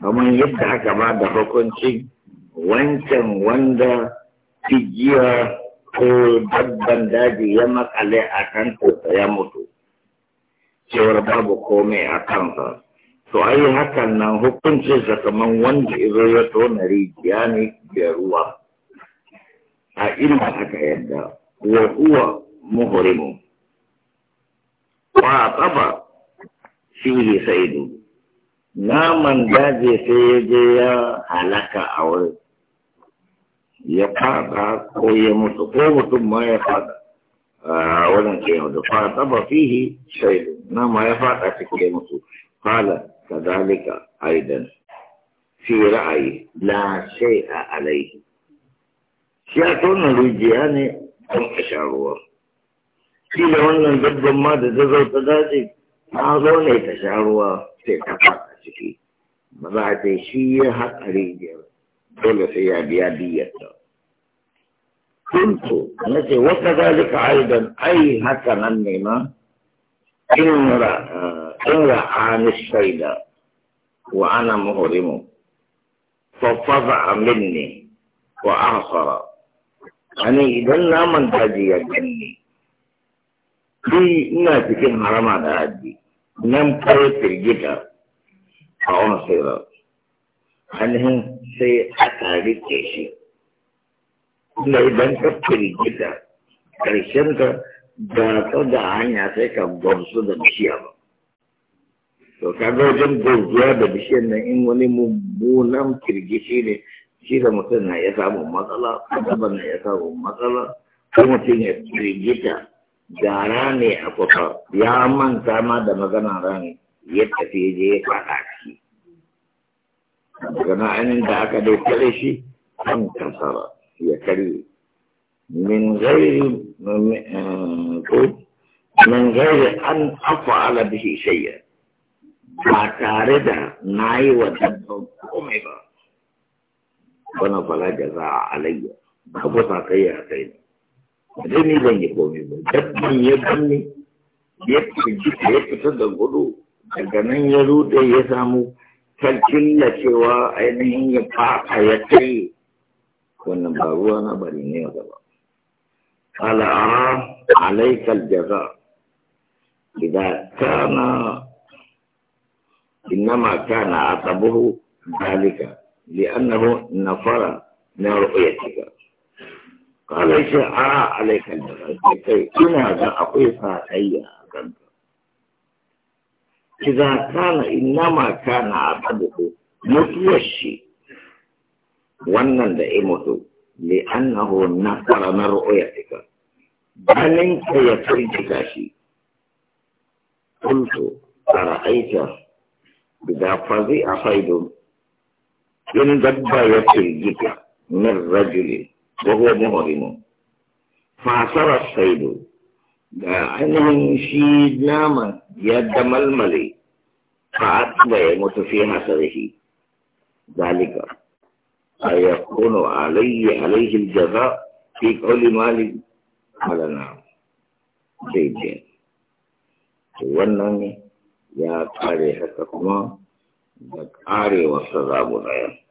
kamar yadda haka ba da hukuncin wancan wanda tijiya ko babban daji ya makale a kan kusa ya mutu cewar babu komai a kansa to a yi hakan nan hukuncinsa kamar wanda izo ya tona rijiya ne da ruwa a ina haka yadda wa huwa muhrimu wa taba fihi saidu naman daji sai ya je ya halaka a wurin ya fada ko ya mutu ko mutum ma ya fada a wurin ke yau da fada ba fihi shaidu nama ya fada cikin mutu fala kadalika aidan fi ra'ayi la shay'a alaihi shi a tona rijiya ne don a sha ruwa shi da wannan dabban ma da ta zauta daji ta zo ne ta sha ruwa sai ta ciki ba za a ce shi ya haƙa rijiyar dole sai ya biya diyarta kuntu na ce wata zalika aidan ai haka nan ne ma in eh, ra'ani shaida wa ana muhrimu fa faza minni wa ahsara ani idan na manta ji ya ganni ni ina cikin harama da haji nan kawai firgita a wani sirar ainihin sai aka rike shi kuma idan ka firgita ƙarshen ka da ta da hanya sai ka gamsu da bishiya ba to ka ga wajen gamsuwa da bishiyar nan in wani mummunan firgishi ne shi da mutum na ya samu matsala gaban na ya samu matsala ko mutum ya firgita da ne a kusa ya manta ma da magana rani Yadda tafi je ya faɗa shi daga ma'anin da aka daukare shi an kasara ya karye min gairi ko min gairi an afa'ala bihi shay'a ba tare da na yi wa dabban komai ba bana fala jaza alayya babu sakayya a kai ne dai ni ban yi komai ba dabban ya banni ya fita da gudu daga nan ya rude ya samu kalcin da cewa ainihin ya faɗa ya tsaye wannan ba ruwa na bari ne ya gaba قال أرى عليك الجزاء إذا كان إنما كان عصبه ذلك لأنه نفر من رؤيتك قال ليس أرى عليك الجزاء كيف أنا أقيس أي إذا كان إنما كان عبده shi. wannan da ya mutu li annahu nasara na ru'yatika banin ka ya firgita shi kuntu ara'aita da fazi a faidun in dabba ya firgita min rajulin wa huwa muhrimun fasara saidu da ainihin shi naman ya damalmale fa da ya mutu fi hasarihi zalika a ya kuno alayhi Alayyi jaza fi kauli malik halana daidai to wannan ya kare haka kuma da karewarsa zamu ɗaya